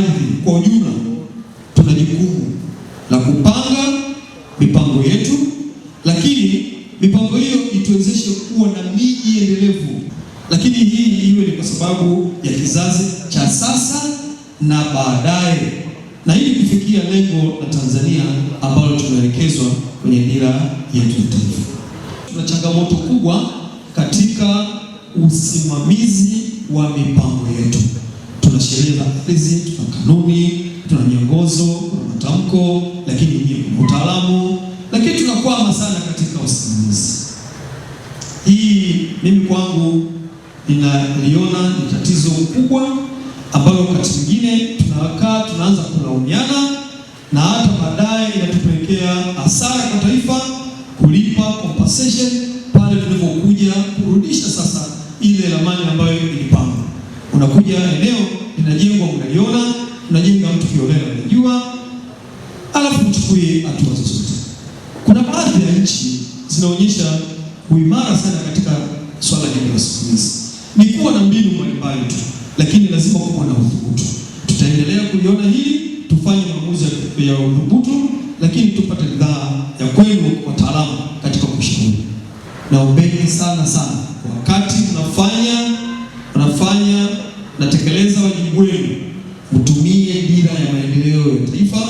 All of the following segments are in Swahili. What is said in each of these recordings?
ardhi kwa ujumla, tuna jukumu la kupanga mipango yetu, lakini mipango hiyo ituwezeshe kuwa na miji endelevu, lakini hii iwe ni kwa sababu ya kizazi cha sasa na baadaye, na ili kufikia lengo la Tanzania ambalo tumeelekezwa kwenye dira yetu ya taifa. Tuna changamoto kubwa katika usimamizi wa mipango yetu tuna sheria za ardhi, tuna kanuni, tuna miongozo, tuna matamko, lakini nyinyi kuna utaalamu, lakini tunakwama sana katika usimamizi. Hii mimi kwangu ninaliona ni tatizo kubwa ambalo wakati mwingine tunakaa tunaanza kulaumiana na hata baadaye inatupelekea hasara kwa taifa kulipa compensation pale tunapokuja kurudisha sasa ile ramani ambayo ilipangwa. Unakuja eneo inajengwa mnaiona, unajenga mtu kiolela unajua, alafu mchukue hatua zozote. Kuna baadhi ya nchi zinaonyesha uimara sana katika swala hili la siku hizi, ni kuwa na mbinu mbalimbali tu, lakini lazima kuwa na udhubutu. Tutaendelea kuliona hili, tufanye maamuzi ya udhubutu, lakini tupate ridhaa ya kwenu wataalamu katika kushauri. Naombeni sana sana wenu mtumie dira ya maendeleo ya taifa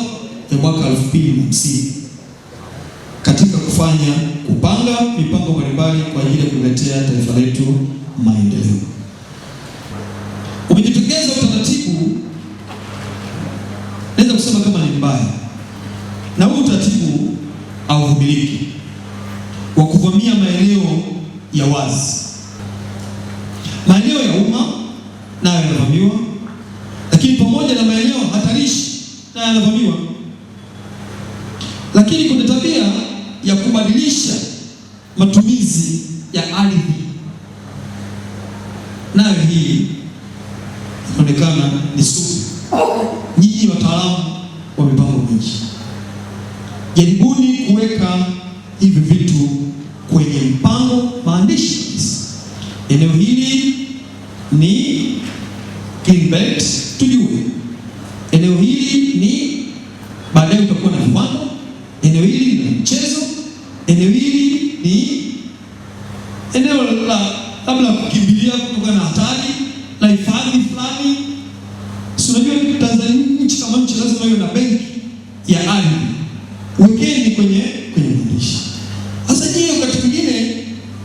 ya mwaka 2050 katika kufanya kupanga mipango mbalimbali kwa ajili ya kuletea taifa letu maendeleo. Umejitokeza utaratibu, naweza kusema kama ni mbaya, na huu utaratibu hauvumiliki, wa kuvamia maeneo ya wazi, maeneo ya umma nayo yanavamiwa na yanavamiwa, lakini kuna tabia ya kubadilisha matumizi ya ardhi, nayo hii inaonekana ni sugu. Nyinyi wataalamu wa mipango miji, jaribuni kuweka hivi vitu kwenye mpango maandishi. Eneo hili ni clean belt, tujue Eneo hili ni baadaye utakuwa na viwanda, eneo hili ni mchezo, eneo hili ni eneo la labda kukimbilia kutoka na hatari la hifadhi fulani. Si unajua Tanzania, nchi kama nchi lazima iwe na benki ya ardhi, wekeni kwenye kwenye maandishi. Sasa je, wakati mwingine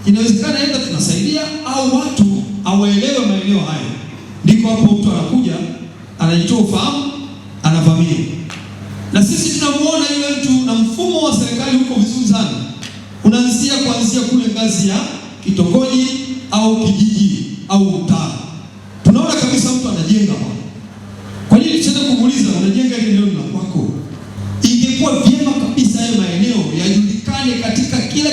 inawezekana aidha tunasaidia au watu hawaelewe maeneo hayo, ndiko hapo mtu anakuja anajitoa ufahamu unamwona yule mtu na mfumo wa serikali huko vizuri sana, unaanzia kuanzia kule ngazi ya kitongoji au kijiji au mtaa, tunaona kabisa mtu anajenga hapo. Kwa nini tuende kumuuliza unajenga ile eneo la kwako? Ingekuwa vyema kabisa hayo maeneo yajulikane katika kila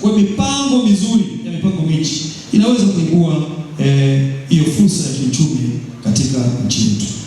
Kwa mipango mizuri ya mipango michi inaweza kuibua eh, hiyo eh, fursa ya kiuchumi katika nchi yetu.